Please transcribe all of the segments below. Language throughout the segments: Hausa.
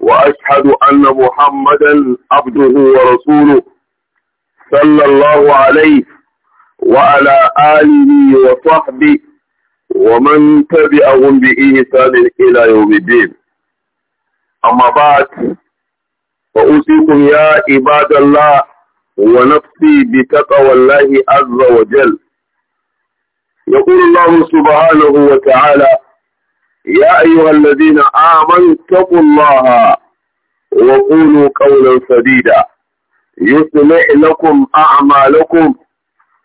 وأشهد أن محمدا عبده ورسوله صلى الله عليه وعلى آله وصحبه ومن تبعهم بإحسان إلى يوم الدين أما بعد فأوصيكم يا عباد الله ونفسي بتقوى الله عز وجل يقول الله سبحانه وتعالى يا أيها الذين آمنوا اتقوا الله وقولوا قولا سديدا يسمع لكم أعمالكم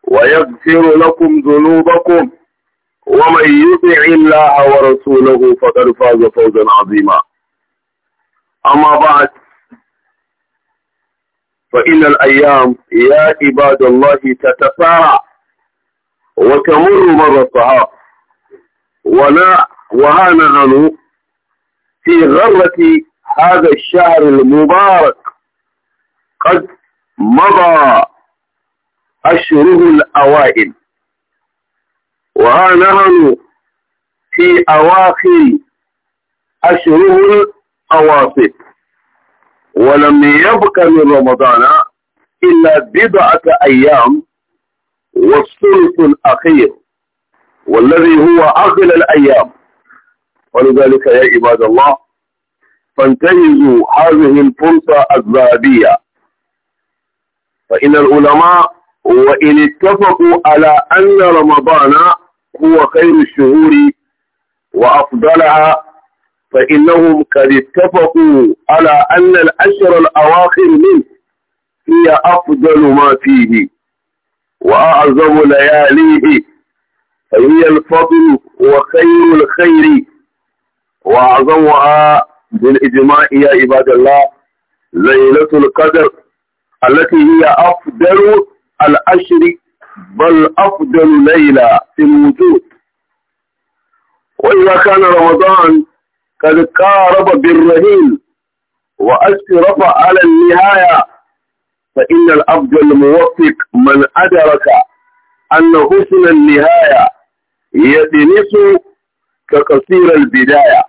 ويغفر لكم ذنوبكم ومن يطع الله ورسوله فقد فاز فوزا عظيما أما بعد فإن الأيام يا عباد الله تتسارع وتمر مر الصحاب ولا وها نحن في غرة هذا الشهر المبارك قد مضى أشهره الأوائل وها نحن في أواخر أشهره الأواسط ولم يبق من رمضان إلا بضعة أيام والثلث الأخير والذي هو أغلى الأيام ولذلك يا عباد الله فانتهزوا هذه الفرصة الذهبية فإن العلماء وإن اتفقوا على أن رمضان هو خير الشهور وأفضلها فإنهم قد اتفقوا على أن الأشهر الأواخر منه هي أفضل ما فيه وأعظم لياليه فهي الفضل وخير الخير وأعظمها بالإجماع يا عباد الله ليلة القدر التي هي أفضل الأشر بل أفضل ليلة في الوجود وإذا كان رمضان قد قارب بالرهيل وأشرف على النهاية فإن الأفضل موفق من أدرك أن حسن النهاية يدنس كقصير البداية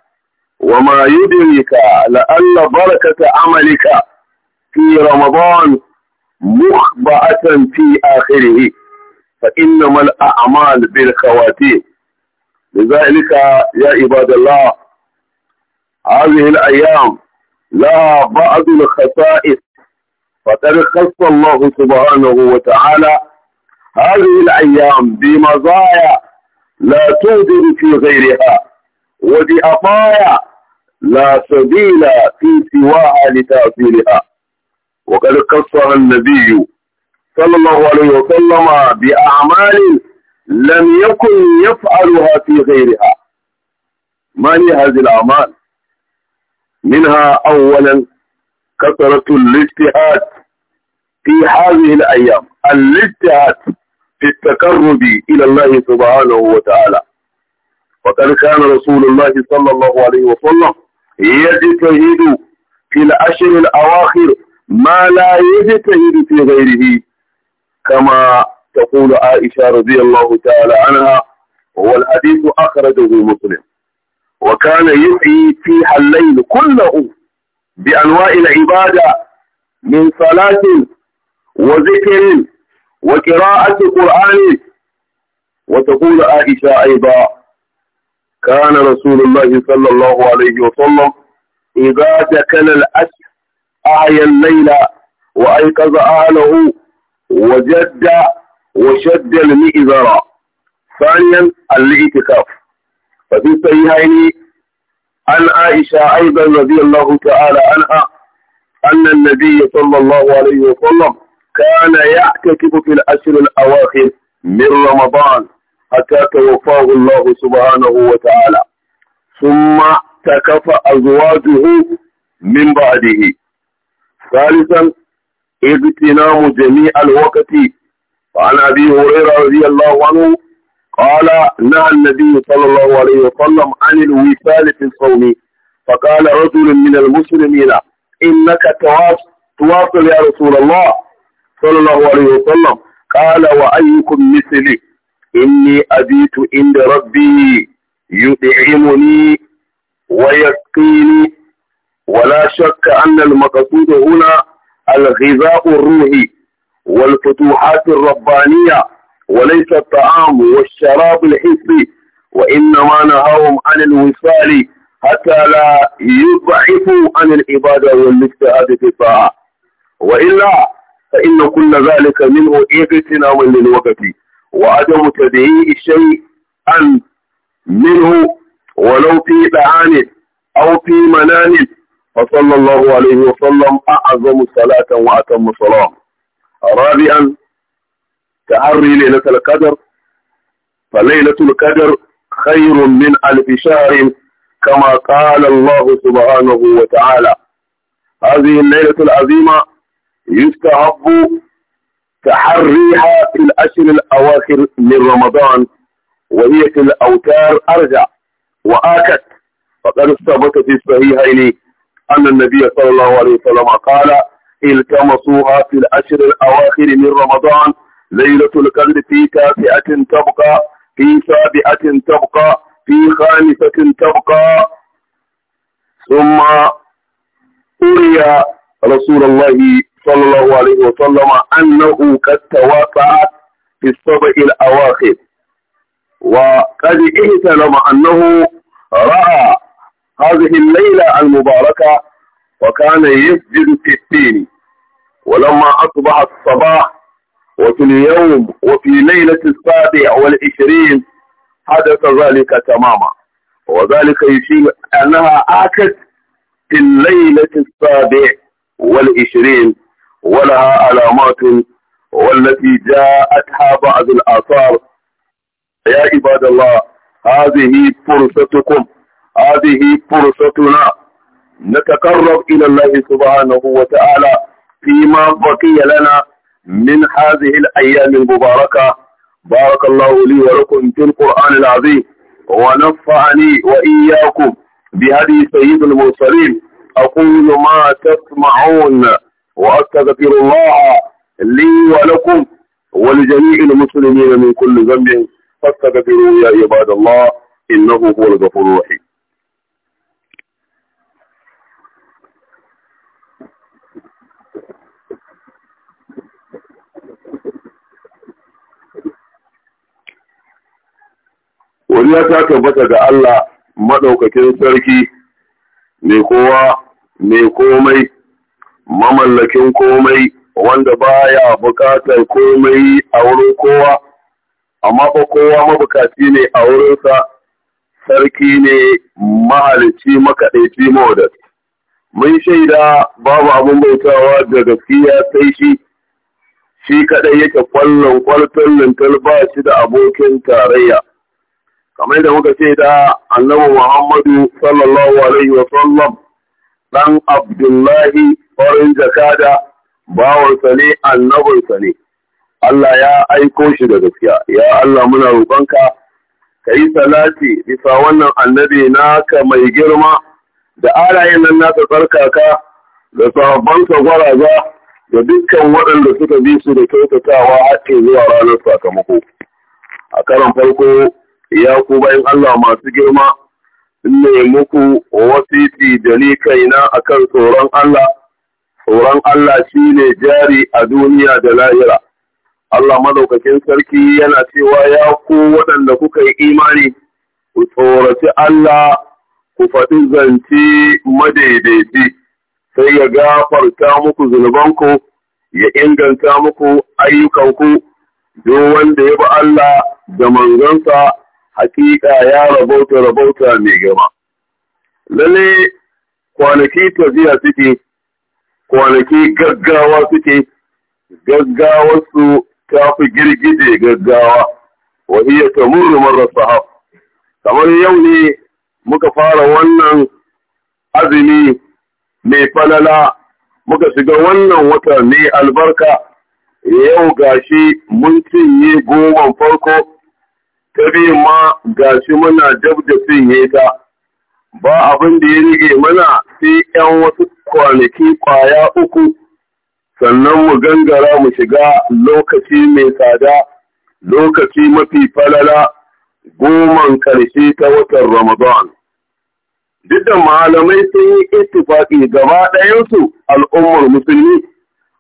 وما يدرك لأن بركة عملك في رمضان مخبأة في آخره فإنما الأعمال بالخواتيم لذلك يا عباد الله هذه الأيام لها بعض الخصائص فقد خص الله سبحانه وتعالى هذه الأيام بمزايا لا توجد في غيرها وبأطايا لا سبيل في سواها لتأثيرها وقد قصها النبي صلى الله عليه وسلم بأعمال لم يكن يفعلها في غيرها ما هي هذه الأعمال منها أولا كثرة الاجتهاد في هذه الأيام الاجتهاد في التقرب إلى الله سبحانه وتعالى وقد كان رسول الله صلى الله عليه وسلم يجتهد في العشر الأواخر ما لا يجتهد في غيره كما تقول عائشة رضي الله تعالى عنها والحديث أخرجه مسلم وكان يحيي فيها الليل كله بأنواع العبادة من صلاة وذكر وقراءة قرآن وتقول عائشة أيضا كان رسول الله صلى الله عليه وسلم إذا دكل الأسف أعيا الليل وأيقظ أهله وجد وشد المئذرة ثانيا الاعتكاف ففي الصحيحين عن عائشة أيضا رضي الله تعالى عنها أن النبي صلى الله عليه وسلم كان يعتكف في الأشهر الأواخر من رمضان حتى توفاه الله سبحانه وتعالى ثم تكفى أزواجه من بعده ثالثا اغتنام جميع الوقت وعن أبي هريرة رضي الله عنه قال نهى النبي صلى الله عليه وسلم عن الوصال في الصوم فقال رجل من المسلمين إنك تواصل يا رسول الله صلى الله عليه وسلم قال وأيكم مثلي إني أبيت عند ربي يطعمني ويسقيني ولا شك أن المقصود هنا الغذاء الروحي والفتوحات الربانية وليس الطعام والشراب الحسي وإنما نهاهم عن الوصال حتى لا يضعفوا عن العبادة والاجتهاد في الطاعة وإلا فإن كل ذلك منه اغتنام للوقت وعدم تدهيء الشيء أن منه ولو في دعان أو في منان فصلى الله عليه وسلم أعظم صلاة وأتم صلاة رابعا تعري ليلة القدر فليلة القدر خير من ألف شهر كما قال الله سبحانه وتعالى هذه الليلة العظيمة يستحب تحريها في الأشهر الأواخر من رمضان وهي في الأوتار أرجع وآكد فقد ثبت في الصحيحين أن النبي صلى الله عليه وسلم قال التمسوها في الأشهر الأواخر من رمضان ليلة القدر في تاسعة تبقى في سابعة تبقى في خامسة تبقى ثم أري رسول الله صلى الله عليه وسلم أنه قد توافعت في السبع الأواخر وقد اهتلم أنه رأى هذه الليلة المباركة وكان يسجد في التين ولما أصبح الصباح وفي اليوم وفي ليلة السابع والعشرين حدث ذلك تماما وذلك يشير أنها آكت في الليلة السابع والعشرين ولها علامات والتي جاءتها بعض الآثار يا عباد الله هذه فرصتكم هذه فرصتنا نتقرب إلى الله سبحانه وتعالى فيما بقي لنا من هذه الأيام المباركة بارك الله لي ولكم في القرآن العظيم ونفعني وإياكم بهدي سيد المرسلين أقول ما تسمعون وأستغفر الله لي ولكم ولجميع المسلمين من كل ذنب فاستغفروا يا عباد الله إنه هو الغفور الرحيم Wariya ta tabbata ga Allah maɗaukakin sarki mai kowa mai komai mamallakin komai wanda baya bukatar komai a wurin kowa amma ba kowa mabukaci ne a wurinsa sarki ne mahalici makaɗaici mawadat mun shaida babu abin bautawa da gaskiya sai shi shi kaɗai yake kwallon kwalton lintar ba shi da abokin tarayya kamar da muka ce da annabi muhammadu sallallahu alaihi wa sallam dan abdullahi farin jakada bawarsa ne annabarsa ne Allah ya aiko shi da gaskiya ya Allah muna roƙonka ka yi salati bisa wannan annabi naka mai girma da alayen nan naka tsarkaka da sahabbansa gwaraza da dukkan waɗanda suka bi su da kyautatawa ake zuwa ranar sakamako a karon farko ya ku bayan Allah masu girma ne muku wasiti da ni kaina akan tsoron Allah tsoron Allah shi ne jari a duniya da lahira. Allah madaukakin sarki yana cewa ya ku waɗanda kuka yi imani, ku tsoraci Allah ku faɗi zance madaidaici, sai ya gafarta muku zunubanku, ya inganta muku ayyukanku, duk wanda ya bi Allah da manzansa hakika ya rabauta rabauta mai gama. Lalle kwanaki ta tafiya suke kwanaki gaggawa suke gaggawarsu ta fi girgije gaggawa wa iya tamurru marar sahab kamar yau ne muka fara wannan azumi mai falala muka shiga wannan wata mai albarka yau gashi mun cinye goman farko ta ma gashi muna jab da cinye ta ba abin da ya rige mana sai ‘yan wasu kwanaki kwaya uku, sannan mu gangara mu shiga lokaci mai tsada, lokaci mafi falala, goman ƙarshe ta watan Ramadan. Duk da malamai sun yi ittifaƙi gaba ɗayansu al'ummar musulmi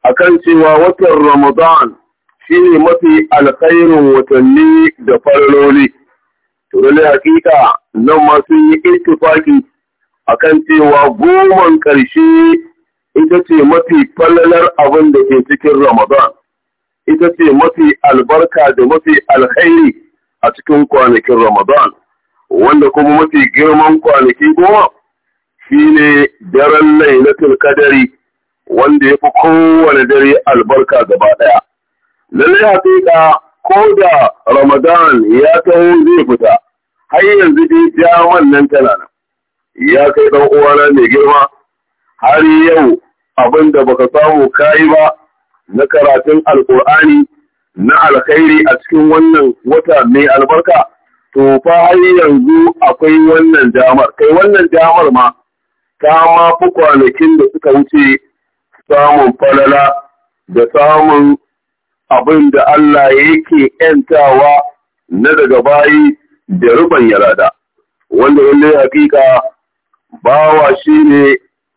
akan cewa watan Ramadan shi ne mafi alkhairin watanni da farloli. Turule hakika nan ma sun yi iltifaki kan cewa goman ƙarshe ita ce mafi falalar abin da ke cikin Ramadan, ita ce mafi albarka da mafi alkhairi a cikin kwanakin Ramadan, wanda kuma mafi girman kwanaki goma shi ne daren lailatul kadari wanda ya fi kowane dare albarka gaba ɗaya. Lallai haƙiƙa ko da Ramadan ya taho zai fita. har yanzu dai daman nan tana nan ya kai dan uwana mai girma har yau abin da baka samu kayi ba na karatun alkur'ani na alkhairi a cikin wannan wata mai albarka to fa har yanzu akwai wannan damar kai wannan damar ma ta ma fi kwanakin da suka wuce samun falala da samun abin da Allah yake ‘yantawa na daga bayi da rubanya yarada, wanda lalle hakika bawa shi ne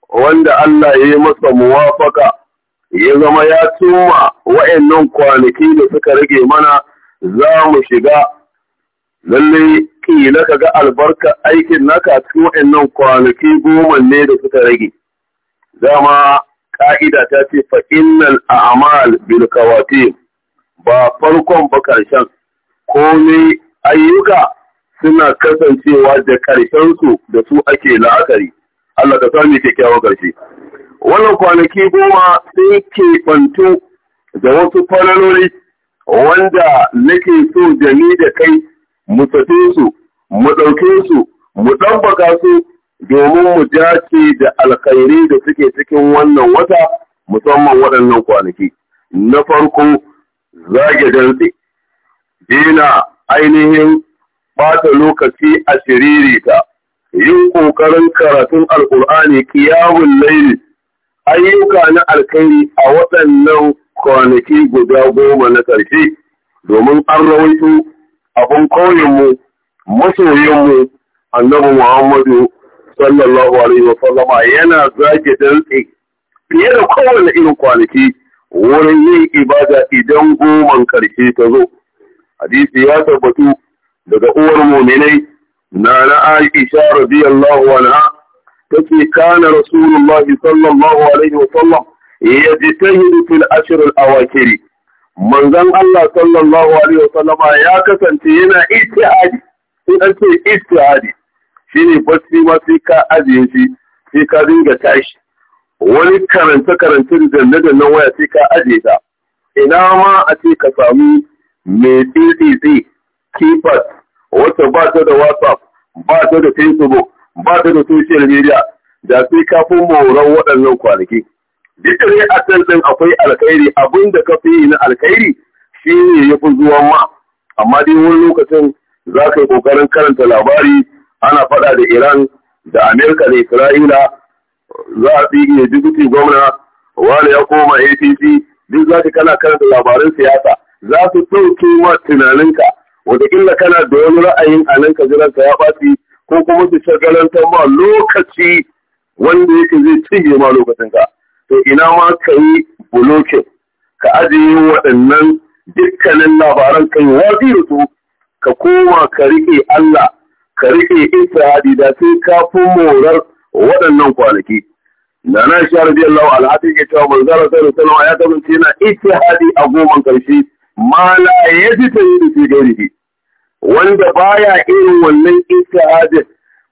wanda Allah ya yi masa muwafaka ya zama ya tuma wayannan kwanaki da suka rage mana za mu shiga lalle kila ka ga albarka aikin naka a cikin kwanaki goma ne da suka rage dama ka'ida ta ce fa a a'mal bil ba farkon ba Ko ne ayyuka suna kasancewa da ƙarshensu da su ake la'akari. Allah ka sami kyakkyawan ƙarshe. Wannan kwanaki goma sun keɓantu da wasu falaloli wanda nake so da ni da kai mu tafi su, mu ɗauke su, mu ɗabbaka su domin mu dace da alkhairi da suke cikin wannan wata musamman waɗannan kwanaki. Na farko zage dantse, dina ainihin bata lokaci a ta. yin ƙoƙarin karatun alƙur'ani kiyawun laili, ayyuka na alkhairi a waɗannan kwanaki guda goma na ƙarshe, domin an rawaito abin ƙauyenmu, masoyinmu, annabi Muhammadu sallallahu alaihi wasallama yana zage dantse fiye da kowane irin kwanaki wurin yin ibada idan goman ƙarshe ta zo. Hadisi ya tabbatu daga uwar muminai na na Aisha radiyallahu anha tace kana rasulullahi sallallahu alaihi wasallam yajtahidu fil ashr al awakiri manzon Allah sallallahu alaihi wasallam ya kasance yana ijtihadi sai an ce ijtihadi shine bacci ma sai ka ajiye shi sai ka dinga tashi wani karanta karance da danne danne waya sai ka ajiye ta ina ma a ce ka samu mai tsitsi kifat wacce ba ta da whatsapp ba ta da facebook ba ta da social media da sai kafin moran waɗannan kwanaki duk da a can din, akwai alkhairi abin da ka fi yi na alkhairi shi ne ya fi zuwa ma amma dai wani lokacin za ka yi ƙoƙarin karanta labari ana faɗa da iran da amerika da isra'ila za a tsige jibuti gwamna wani ya koma apc duk za ka kana karanta labarin siyasa za su ɗauke ma tunaninka wataƙila kana da wani ra'ayin a nan ka jiranka ya ɓaci ko kuma su ta ma lokaci wanda yake zai cinye ma lokacinka to ina ma ka yi bulokin ka ajiye waɗannan dukkanin labaran ka yi da su ka koma ka riƙe Allah ka riƙe hadi da sai ka fi morar waɗannan kwanaki da na shi radiyallahu alhadi ke cewa manzara sallallahu alaihi wasallam ya kasance yana hadi a goman karshe ma la yajtani fi ghairihi wanda baya irin wannan istihadin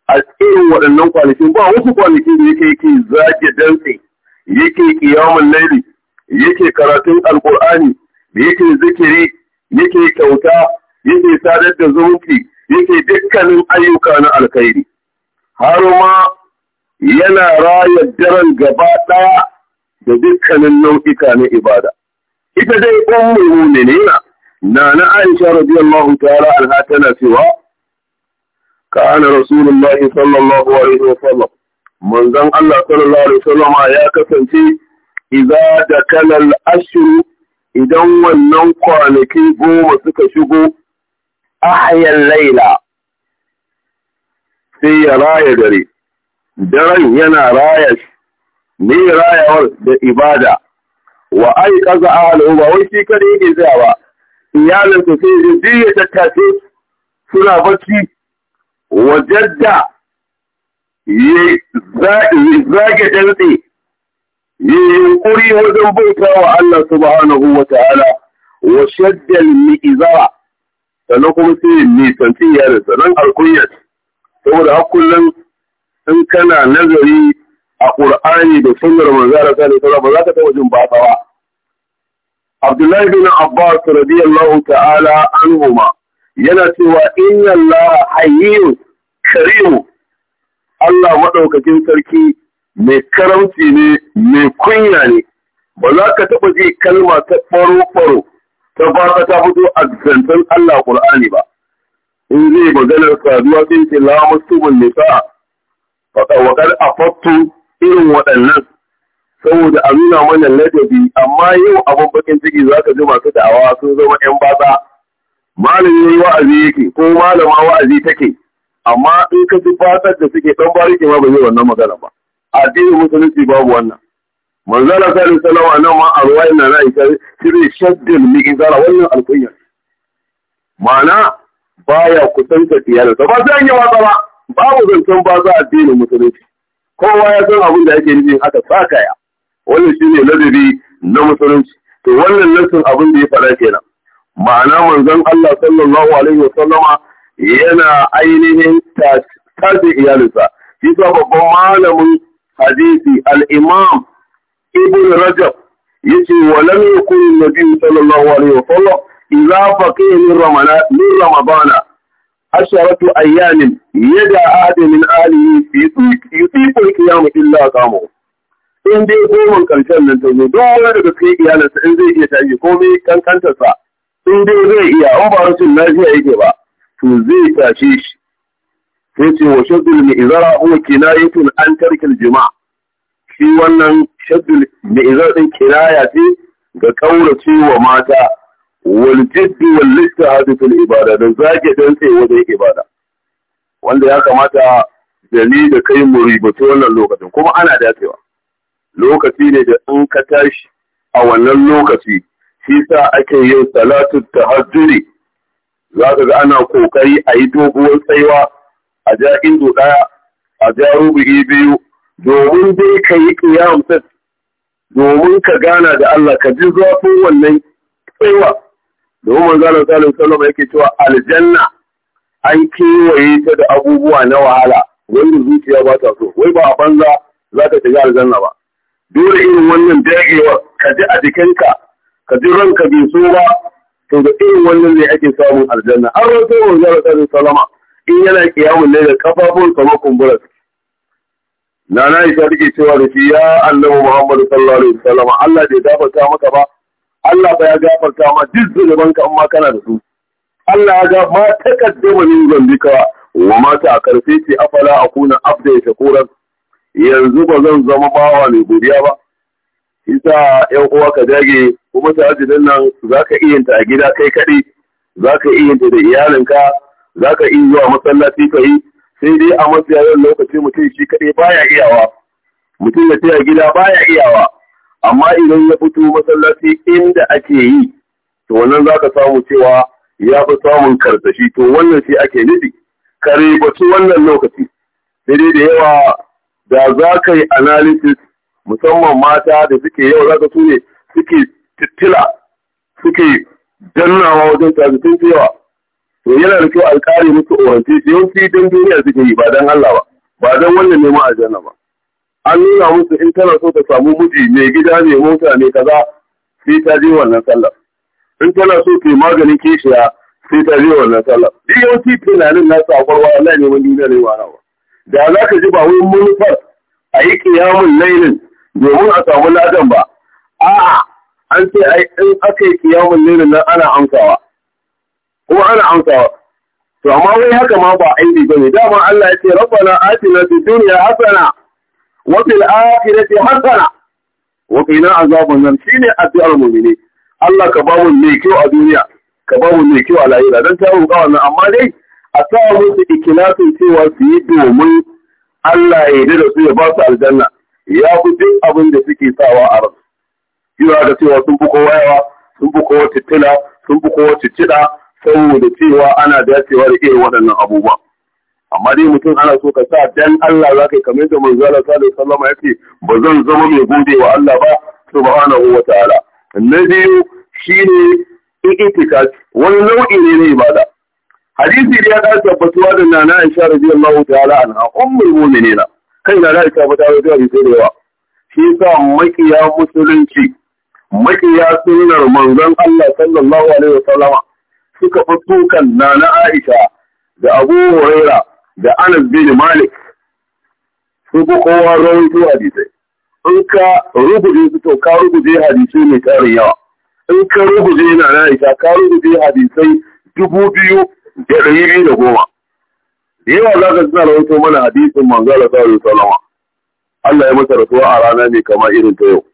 a irin waɗannan kwanakin ba wasu kwanaki da yake yake zage dantse yake kiyamun laili yake karatun alkur'ani yake zikiri yake kyauta yake sadar da zumunci yake dukkanin ayyuka na alkhairi har ma yana raya daren gaba ɗaya da dukkanin nau'ika na ibada ita dai ummu mu'minina na na Aisha radiyallahu ta'ala alha tana cewa kana rasulullahi sallallahu alaihi wasallam manzon Allah sallallahu alaihi wasallam ya kasance idza dakala al ashr idan wannan kwanaki goma suka shigo al laila sai ya raya dare daren yana raya ne rayawar da ibada wa ai kaza al ba wai shi kare ne tsaya ba iyalin su sai da ya tattace suna bacci wajen da ya zage dantse ya yunkuri wajen bauta wa Allah subhanahu wa ta'ala wa shaddal mi'izara sannan kuma sai nisanci iyalin sannan alkunyar saboda hakullin in kana nazari a ƙur'ani da sunnar manzara da alaihi wasallam ba za ka taɓa jin batsawa Abdullahi bin Abbas radiyallahu ta'ala anhuma yana cewa inna Allah hayyun karimu Allah maɗaukacin sarki mai karamci ne mai kunya ne ba za ka taɓa ji kalma ta faro-faro ta baka ta fito a zantar Allah Qur'ani ba in zai maganar saduwa sai ce la nisa fa a afattu irin waɗannan saboda a nuna mana ladabi amma yau abin bakin ciki za ka ji masu da'awa sun zama 'yan batsa malami wa'azi yake ko malama wa'azi take amma in ka ji fatar da suke dan bariki ma ba yi wannan magana ba addinin musulunci babu wannan manzala sallallahu alaihi wasallam anan ma arwai na na ita shiri shaddil mi'izara wannan alƙunya ma'ana baya kusanta tiyar da ba zan yi wasa ba babu zancen ba addinin musulunci kowa ya san abin da yake nufi haka sa kaya wannan shine ladabi na musulunci to wannan nassin abin da ya faɗa kenan ma'ana manzon Allah sallallahu alaihi wa sallama yana ainihin tace iyalinsa shi sa babban malamin hadisi al-imam ibn rajab yace wa lam yakun nabi sallallahu alaihi wa sallam idza faqiha min min ramadana asharatu ayyamin yada ahad min alihi fi yutiqu al-qiyam illa in dai goma karshen nan ta zo duk wani daga kai iyalinsa in zai iya tashi komai kankantarsa in dai zai iya in ba rashin lafiya yake ba to zai tashe shi sai ce wa shaddul mi'izara huwa kinayatun an tarkil jima'a shi wannan shaddul izara din kinaya ce ga kaurace wa mata wal jiddi wal dukkan ibada da zage don tsaye wajen ibada wanda ya kamata da ni da kai mu ribata wannan lokacin kuma ana dacewa lokaci ne da in ka tashi a wannan lokaci shi sa ake yin salatu tahajjudi za ka ga ana kokari a yi doguwar tsayuwa a ja indo ɗaya a ja rubu'i biyu domin dai ka yi ƙiyam domin ka gana da Allah ka ji zafin wannan tsayuwa domin manzo Allah sallallahu yake cewa aljanna an kewaye ta da abubuwa na wahala wanda zuciya ba ta so wai ba a banza za ka shiga aljanna ba dole irin wannan dagewa ka ji a jikinka ka ji ranka bai so ba to da irin wannan ne ake samun aljanna an rato wa zara tsarin salama in yana kiyamun ne da kafafun sama kumburas na na isa ke cewa da shi ya annabi muhammadu sallallahu alaihi wasallam Allah bai gafarta maka ba Allah ba ya gafarta ma duk zunubanka in amma kana da su Allah ya ga ma takaddama min zambika wa mata a karfe ce afala kuna abda ya shakuran yanzu ba zan zama bawa mai godiya ba isa yan uwa ka dage kuma tahajjudin nan ka iya ta a gida kai kaɗai ka iya ta da iyalinka Za ka iya zuwa masallaci ka yi sai dai a matsayin lokaci mutum shi kaɗai baya iyawa mutum ya tsaya gida baya iyawa amma idan ya fito masallaci inda ake yi to wannan za ka samu cewa ya fi samun karsashi to wannan shi ake nufi kare wannan lokaci dai da yawa da za ka yi analysis musamman mata da suke yau za ka sune suke tittila suke dannawa wajen tazitin cewa, to yana da kyau alƙari musu orance shi yawanci don duniya suke yi ba don Allah ba ba don wannan neman aljanna ba an nuna musu in tana so ta samu miji mai gida ne mota ne kaza sai ta je wannan sallar in tana so ta yi maganin kishiya sai ta je wannan sallar duk yawanci tunanin nasu a kwarwa Allah neman duniya ne da za ka ji ba wai manufar a yi kiyamun lailin domin a samu ladan ba a an ce ai in aka yi kiyamun lailin nan ana amsawa ko ana amsawa to amma wai haka ma ba aini ne dama Allah ya ce rabbana atina fid dunya hasana wa fil akhirati hasana wa qina azaban nar shine addu'ar mu'mini Allah ka ba mu mai kyau a duniya ka ba mu mai kyau a lahira dan ta roƙa nan amma dai a sa musu ikilasin cewa su yi domin Allah ya yi da su ya ba su aljanna ya fi duk abin da suke sawa a ran. Yana da cewa sun fi kowa sun fi kowa tittila, sun fi kowa ciccida, saboda cewa ana dacewa da irin waɗannan abubuwa. Amma dai mutum ana so ka sa dan Allah za ka yi kamar yadda manzo Allah sallallahu alaihi ya ce ba zan zama mai gode wa Allah ba subhanahu wa Na biyu shine itikafi wani nau'i ne na ibada. hadisi ya ga tabbatuwa da nana Aisha radiyallahu ta'ala anha ummul mu'minina kai da Aisha ba ta rawa da cewa shi sa makiya musulunci makiya sunnar manzon Allah sallallahu alaihi wasallam suka fito kan nana Aisha da Abu Huraira da Anas bin Malik su ku kowa rawaito hadisai in ka rubuce su to ka rubuce hadisai mai tarin yawa in ka rubuce nana Aisha ka rubuce hadisai dubu biyu da ɗari biyu da goma. Da yawa za ka suna rahoto mana hadisin manzala sa alaihi Allah ya masa rasuwa a rana mai kama irin ta yau.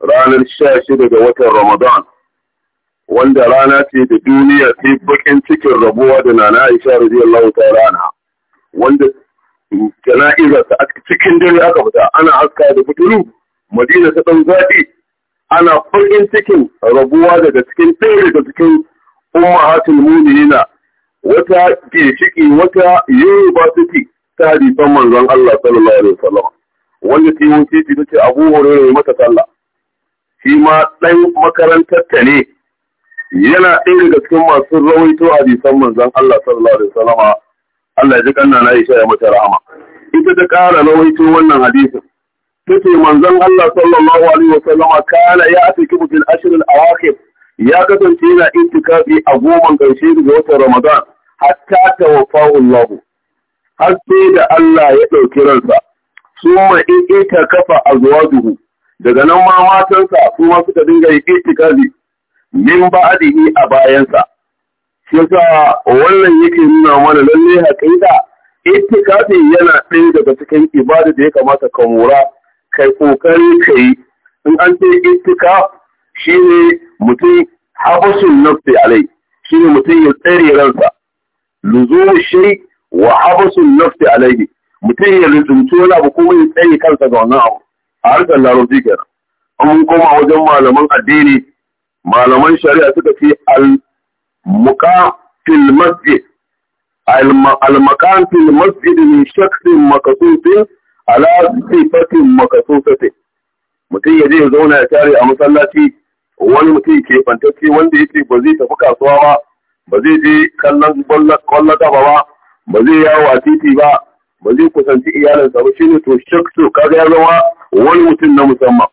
Ranar sha shida ga watan Ramadan. Wanda rana ce da duniya ta bakin cikin rabuwa da nana Aisha radiyallahu ta rana. Wanda jana'izarsa a cikin dare aka fita ana haska da fitilu. Madina ta ɗan zaɓi ana farin cikin rabuwa daga cikin ɗaya daga cikin ummahatul mu'minina wata ciki wata university ta hadisan manzon Allah sallallahu alaihi wasallam wanda ta yi ta ce Abu Hurairah mata sallah shi ma ɗan makarantar ta ne yana ɗaya daga cikin masu rawaito hadisan manzon Allah sallallahu alaihi wasallam Allah ya ji kanna na yi shaya mata rahama ita ta ƙara rawaito wannan hadisin ce manzon Allah sallallahu alaihi wasallam kana ya atiki bil ashr al wakil. ya kasance yana intikafi a goman ƙarshe daga watan Ramadan hatta tawaffahu Allah har sai da Allah ya ɗauki ransa suma in ita kafa azwajuhu daga nan ma matansa su ma suka dinga yi itikafi min ba'dihi a bayansa shi yasa wannan yake nuna mana lalle haƙiƙa itikafi yana ɗaya daga cikin ibada da ya kamata ka mura, kai kokari kai in an ce shi ne. mutum habashin nafsi alai ne mutum ya tsere ransa luzumu shi wa habasun nafsi alaihi mutum ya rintunci wani abu kuma ya tsaye kansa ga wannan abu a harkar larun kenan an koma wajen malaman addini malaman shari'a suka ce al muka fil masjid al makan fil masjid min shakkin makasusin ala sifatin makasusatin mutum ya je ya zauna ya tare a masallaci wani mutum ke fantacce wanda yake ba zai tafi kasuwa ba ba zai je kallon kwallon gaba ba ba zai yawo a titi ba ba zai kusanci iyalinsa ba ne to to kaga ya zama wani mutum na musamman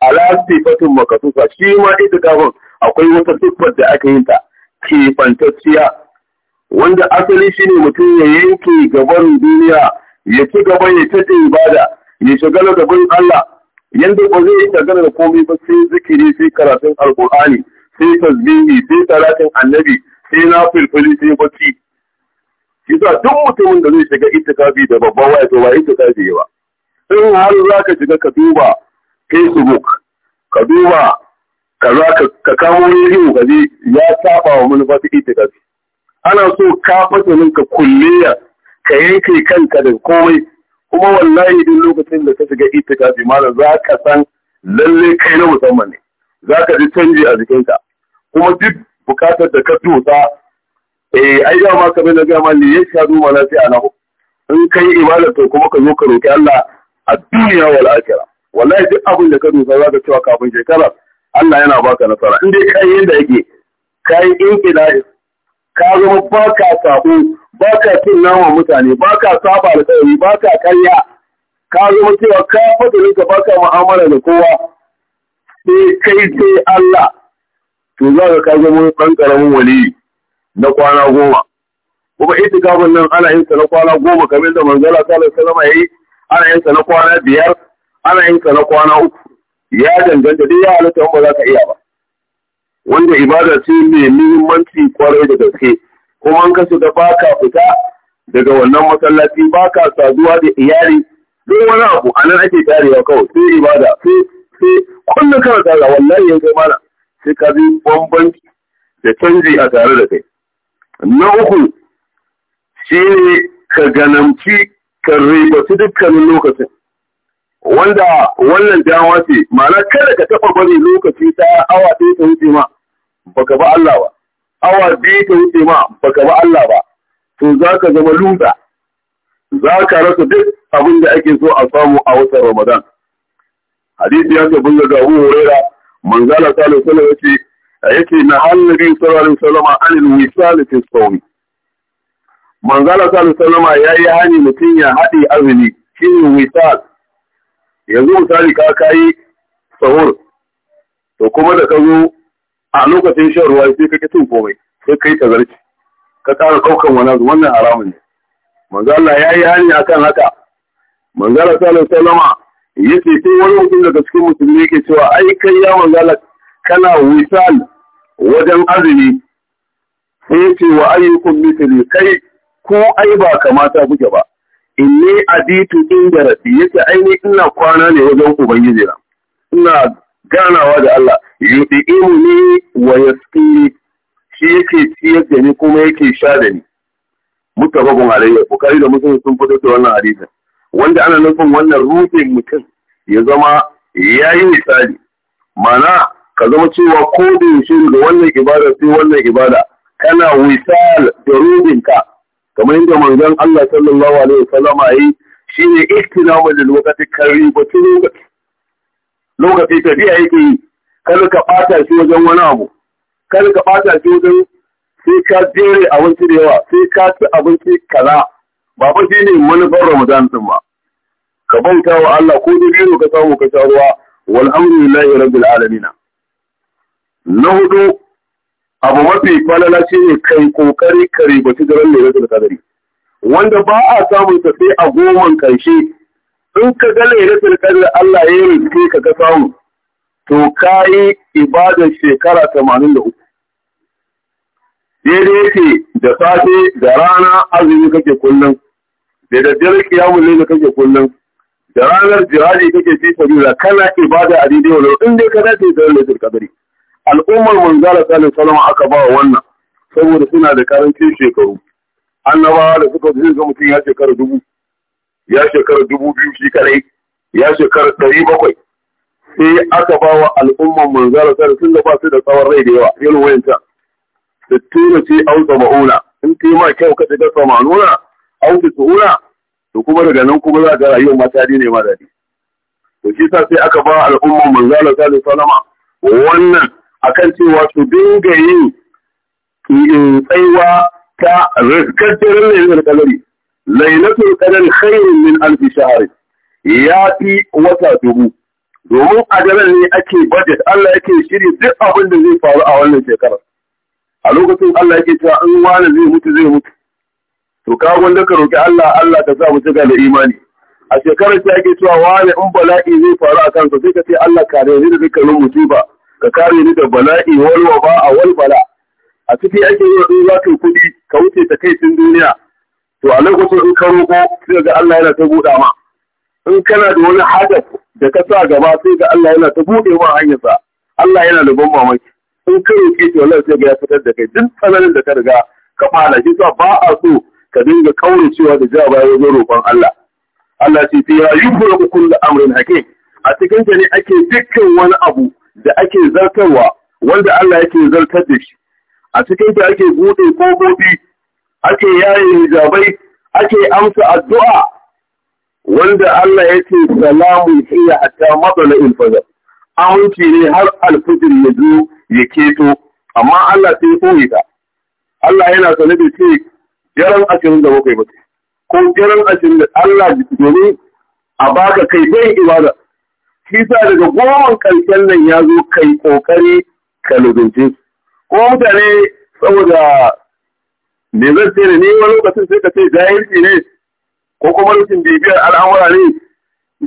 alasti fatin makasusa shi ma ita kafin akwai wata siffar da aka yi ta ke fantacciya wanda asali shine mutum ya yanke gaban duniya ya ci gaba ya ta ibada ya shagala gaban Allah yanda ba zai tagana da komai ba sai zikiri sai karatun alkur'ani sai tasbihi sai talatin annabi sai na filfili sai bacci shi sa duk mutumin da zai shiga itikafi da babban waya to ba itikafi ba in har za ka shiga ka duba facebook ka duba za ka kamo rediyo ka je ya saba wa manufafi itikafi ana so ka fasa ninka kulliya ka yanke kanka da komai kuma wallahi duk lokacin da ka shiga itikafi malam za ka san lalle kai na musamman ne za ka ji canji a jikinka kuma duk bukatar da ka dosa eh ai da ma kamar da ga ma ne ya shadu mana sai ana in kai ibada to kuma ka zo ka roki Allah a duniya wal akhirah wallahi duk abin da ka dosa za ka cewa kafin shekara Allah yana baka nasara in dai kai yanda yake kai in ka zama baka sabo ba ka cin nama mutane ba ka saba da alƙawari ba ka karya ka zama cewa ka ne ka baka mu'amala da kowa sai kai sai Allah to za ka zama ɗan ƙaramin wali na kwana goma kuma ita itikafin nan ana yin sa na kwana goma kamar da manzala sallallahu alaihi wasallam yayi ana yin sa na kwana biyar ana yin sa na kwana uku ya danganta duk ya halatta ba za ka iya ba wanda ibada ce mai muhimmanci kwarai da gaske kuma in ka shiga ba ka fita daga wannan masallaci ba ka saduwa da iyali duk wani abu a nan ake tarewa kawai sai ibada sai sai kullum kana tara wallahi yanzu mana sai ka bi bambanci da canji a tare da kai na uku shi ne ka ganamci ka rebaci dukkanin lokacin wanda wannan dama ce ma'ana kada ka taɓa bari lokaci ta awa ɗaya ta wuce ma baka ba Allah ba awa biyu ka wuce ma baka ba Allah ba to za ka zama luda za ka rasa duk abin da ake so a samu a watan Ramadan hadisi ya tabbata daga Abu Huraira manzala sallallahu alaihi wasallam yace yake na halin sallallahu alaihi wasallam anil wisal fi sawm manzala sallallahu alaihi wasallam yayi hani mutun ya hadi azumi shine misal. yanzu misali ka kai sahur to kuma da ka zo a lokacin shan ruwa sai ka cin komai sai kai ta zarci ka tsara kaukan wani abu wannan haramun ne manzo ya yi hani akan haka manzo Allah sallallahu alaihi wasallama yace sai wani mutum daga cikin musulmi yake cewa ai kai ya manzo kana wisal wajen azumi sai ce wa ayyukum mithli kai ko ai ba kamata kuke ba inni aditu inda rabbi yace ai ni ina kwana ne wajen ubangiji na ina ganawa da Allah yudimu ni wa yasqini shi yake ciyar da ni kuma yake sha da ni mutabakun alayya bukari da Musulun sun fito da wannan hadisin wanda ana nufin wannan rufin mutum ya zama ya yi misali mana ka zama cewa ko da yaushe da wannan ibada sai wannan ibada kana wisal da rubinka kamar yadda manzon Allah sallallahu alaihi wasallam yi shine ihtinamu lil waqti karibatu lokaci tafiya yake yi kada ka ɓata shi wajen wani abu kada ka ɓata shi wajen sai ka jere abinci da yawa sai ka ci abinci kaza ba ba shi ne manufar ramadan din ba ka bauta wa Allah ko da biyu ka samu ka sha ruwa wal amru lillahi rabbil alamin na hudu abu mafi falala shi ne kai kokari kare ba ci daren da kadari wanda ba a samun tafi a goman karshe in ka ga lailatul qadr Allah ya yi ka ga samu to ka kayi ibadar shekara 83 daidai yake da safe da rana azumi kake kullum da daddare kiyamun laila kake kullum da ranar jiraji kake fi sabila kana ibada a daidai wani in dai ka dace da lailatul qadri al'ummar manzala salin salama aka ba wannan saboda suna da karancin shekaru annabawa da suka zo mutum ya shekara dubu ya shekara dubu biyu shi kadai ya shekara ɗari bakwai sai aka ba wa al'umman manzara sai sun da ba su da tsawon rai da yawa irin wayanta da tura ce au sama'una in yi ma kyau ka shiga samanuna au ta una to kuma daga nan kuma za rayuwa ma mata ne ma daɗi to shi sa sai aka ba al'umman manzara sai salama wannan akan cewa su dinga yin tsaiwa ta rikakken rai da kalari lailatul qadari khairun min alf shahr ya fi wata dubu domin a daren ne ake budget Allah yake shiri duk abin da zai faru a wannan shekarar a lokacin Allah yake cewa in wani zai mutu zai mutu to ka gwanda ka roki Allah Allah ka sa mu shiga da imani a shekarar ta yake cewa wani in bala'i zai faru a kansa sai ka ce Allah kare ni da dukkanin musiba ka kare ni da bala'i wal waba a wal bala a ciki ake yi wa za ka kuɗi ka wuce ta kai duniya to a lokacin in ka roƙo sai ga Allah yana ta buɗa ma in kana da wani hadaf da ka sa gaba sai ga Allah yana ta buɗe ma hanyarsa Allah yana da ban mamaki in ka roƙe to wallahi sai ga ya fitar da kai duk tsananin da ka riga ka fara shi sa ba a so ka dinga cewa da ja ya zo roƙon Allah Allah ce fi ya yuhuru kullu amrin hakim a cikin ta ne ake dukkan wani abu da ake zartarwa wanda Allah yake zartar da shi a cikin ta ake buɗe kofofi ake yayin hijabai ake amsa addu'a wanda Allah ya ce salamun hiya hatta matsala ilfaza aminci ne har alfajir ya zo ya keto amma Allah sai ya koyi ta Allah yana sane da ce jaran ashirin da bakwai ba ko jaran ashirin da Allah domin a baka kai bai ibada shi sa daga goman karshen nan ya zo kai kokari ka lubince ko mutane saboda me zan ce ne wani lokacin sai ka ce jahilci ne ko kuma rashin bibiyar al'amura ne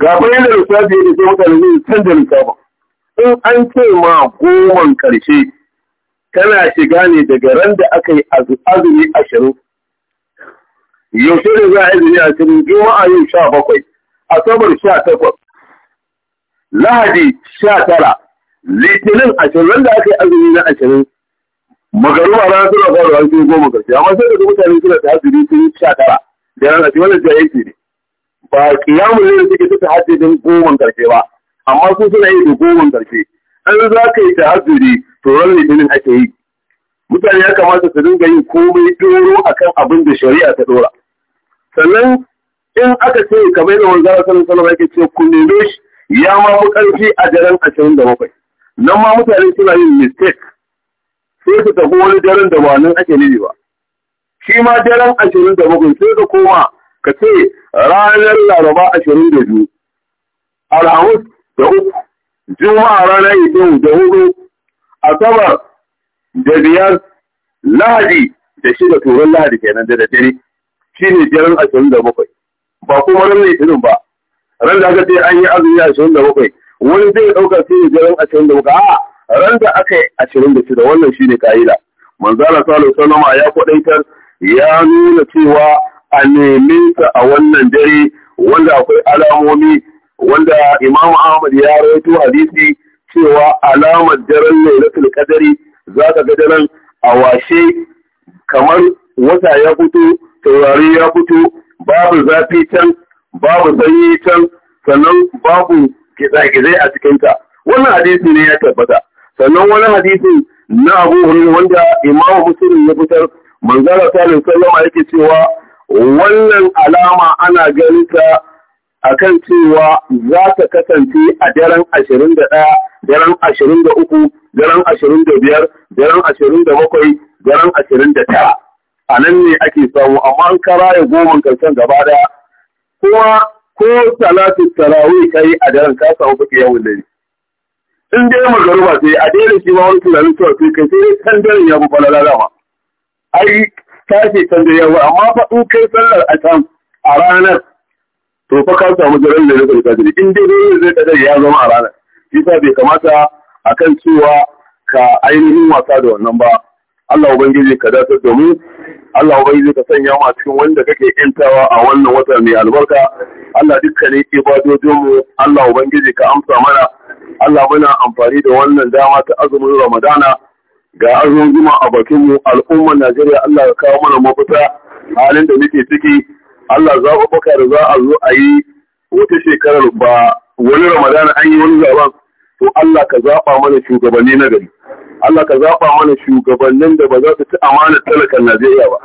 ga bayan da lissafi ne sai mutane can canza lissafa in an ce ma goman ƙarshe tana shiga ne daga ran da aka yi azumi ashirin yaushe ne za a azumi ashirin juma'a yau sha bakwai asabar sha takwas lahadi sha tara litinin ashirin da aka yi azumi na ashirin magaruba rana suna fara wani sai goma karshe amma sai daga mutane suna ta hajjiri sun yi sha tara da ranar ce wannan ce. ne ba kiyamun ne da suke ta ta hajji don goman karshe ba amma su suna yi da goman karshe an za ka yi ta hajjiri to ran litinin ake yi mutane ya kamata su dinga yin komai doro akan abin da shari'a ta dora sannan in aka ce kamar yadda wanzu Allah sanin alaihi yake ce ku neme shi ya ma mu karfi a daren ashirin da bakwai, nan ma mutane suna yin mistake sai ka tafi wani daren da ba nan ake nini ba shi ma daren ashirin da bakwai sai ka koma ka ce ranar laraba ashirin da biyu Alhamus da uku juma'a ranar idin da hudu asabar da biyar lahadi da shida turan lahadi kenan da daddare shi ne daren ashirin da bakwai ba kuma ran litinin ba ran da aka ce an yi azumi ashirin da bakwai wani zai ɗauka sai daren ashirin da bakwai ran da aka yi ashirin da shida wannan shi ne ka'ida manzala salo salama ya kwadaitar ya nuna cewa a nemi a wannan dare wanda akwai alamomi wanda imam ahmad ya rawaito hadisi cewa alamar daren ne na qadari za ka ga daren a washe kamar wata ya fito taurari ya fito babu zafi can babu sanyi can sannan babu kitsa-kitsai a cikinta wannan hadisi ne ya tabbata sannan wani hadisi na Abu Hurairah wanda Imam musulun ya fitar manzara sallallahu sallama yake cewa wannan alama ana ganin a kan cewa za ta kasance a daren ashirin da ɗaya, daren ashirin da uku, daren ashirin da biyar, daren ashirin da bakwai, daren ashirin da 29 a nan ne ake samu amma an kara ya goma karshen gaba daya kuma ko talatin tarawih kai a daren ka samu fiye yawan dare in dai ba sai a daina shi ba wani tunanin cewa sai kai sai kan dare ya bu falala dama ai tashi kan dare ya bu amma fa in kai sallar a can a ranar to fa ka samu daren da ya zai kadiri in dai dole zai kadiri ya zama a ranar shi bai kamata akan cewa ka ainihin wasa da wannan ba Allah ubangiji ka dace da mu Allah ubangiji ka sanya mu a cikin wanda kake intawa a wannan wata mai albarka Allah dukkanin ibadojin mu Allah ubangiji ka amsa mana Allah muna amfani da wannan dama ta azumin Ramadana ga azumin zuma a bakin mu al'ummar Najeriya Allah ya kawo mana mafita halin da muke ciki Allah za baka da za a zo a yi wata shekarar ba wani Ramadana an yi wani zaben to Allah ka zaɓa mana shugabanni na gari Allah ka zaɓa mana shugabannin da ba za su ci amanar talakan Najeriya ba.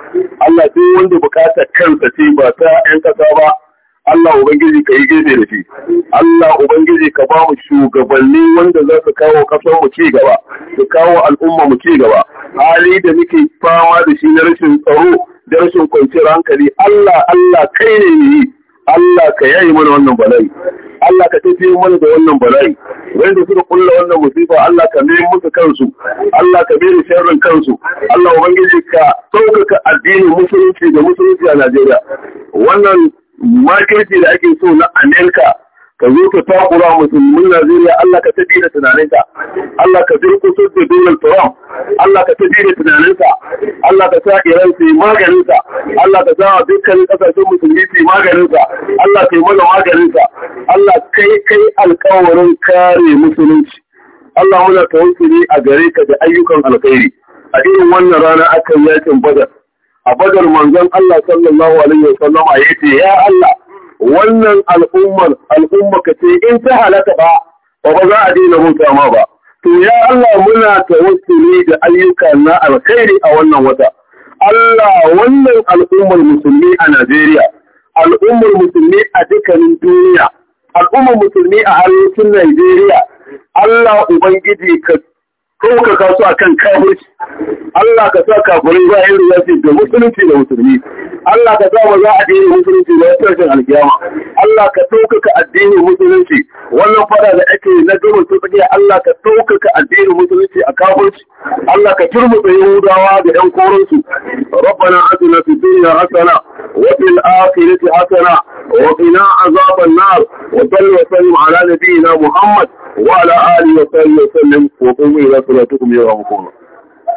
Allah sai wanda bukatar kansa ce ba ta 'yan ƙasa ba. Allah Ubangiji ka yi gefe da shi. Allah Ubangiji ka ba mu shugabanni wanda za su kawo ƙasar mu ci gaba, su kawo al'umma mu ci gaba. Hali da muke fama da shi na rashin tsaro da rashin kwanciyar hankali. Allah Allah kai ne yi. Allah ka yayi mana wannan bala'i Allah ka tafi mana da wannan bala'i wanda suka kulla wannan musifa Allah ka mai musu kansu Allah ka mai sharrin kansu Allah ubangiji ka sauƙaƙa addinin musulunci da musulunci a Najeriya wannan makirci da ake so na Amerika ka zo ka takura musulmin Najeriya Allah ka tafi da tunaninka Allah ka zai kusur da Donald Trump Allah ka tafi da tunaninka Allah ka sa Iran su yi maganinsa Allah ka zama dukkanin ƙasashen musulmi su yi maganinsa Allah ka yi mana maganinsa Allah kai kai alkawarin kare musulunci Allah muna ne a gare ka da ayyukan alkhairi a irin wannan rana akan yakin Badar a Badar manzon Allah sallallahu alaihi wasallam ya ce ya Allah wannan al'ummar al'umma ka ce in ta halaka ba ba ba za a daina bauta ma ba to ya Allah muna tawassuli da ayyuka na alkhairi a wannan wata Allah wannan al'ummar musulmi a Najeriya al'ummar musulmi a dukkanin duniya al'ummar musulmi a arewacin Najeriya Allah ubangiji ka ɗaukaka su akan kafirci Allah ka sa kafirai za a yi riyafi da musulunci da musulmi Allah ka sa wa za a dini musulunci da yasirashin alkiyama Allah ka ɗaukaka addinin musulunci wannan fada da ake na gama su tsakiya Allah ka ɗaukaka addinin musulunci a kafirci Allah ka turmuta Yahudawa da ‘yan korinsu ربنا آتنا في الدنيا حسنة وفي الآخرة حسنة وقنا عذاب النار Muhammad, wa على نبينا محمد وعلى آله وصحبه وسلم وقوموا إلى ولا تكم يوم قومه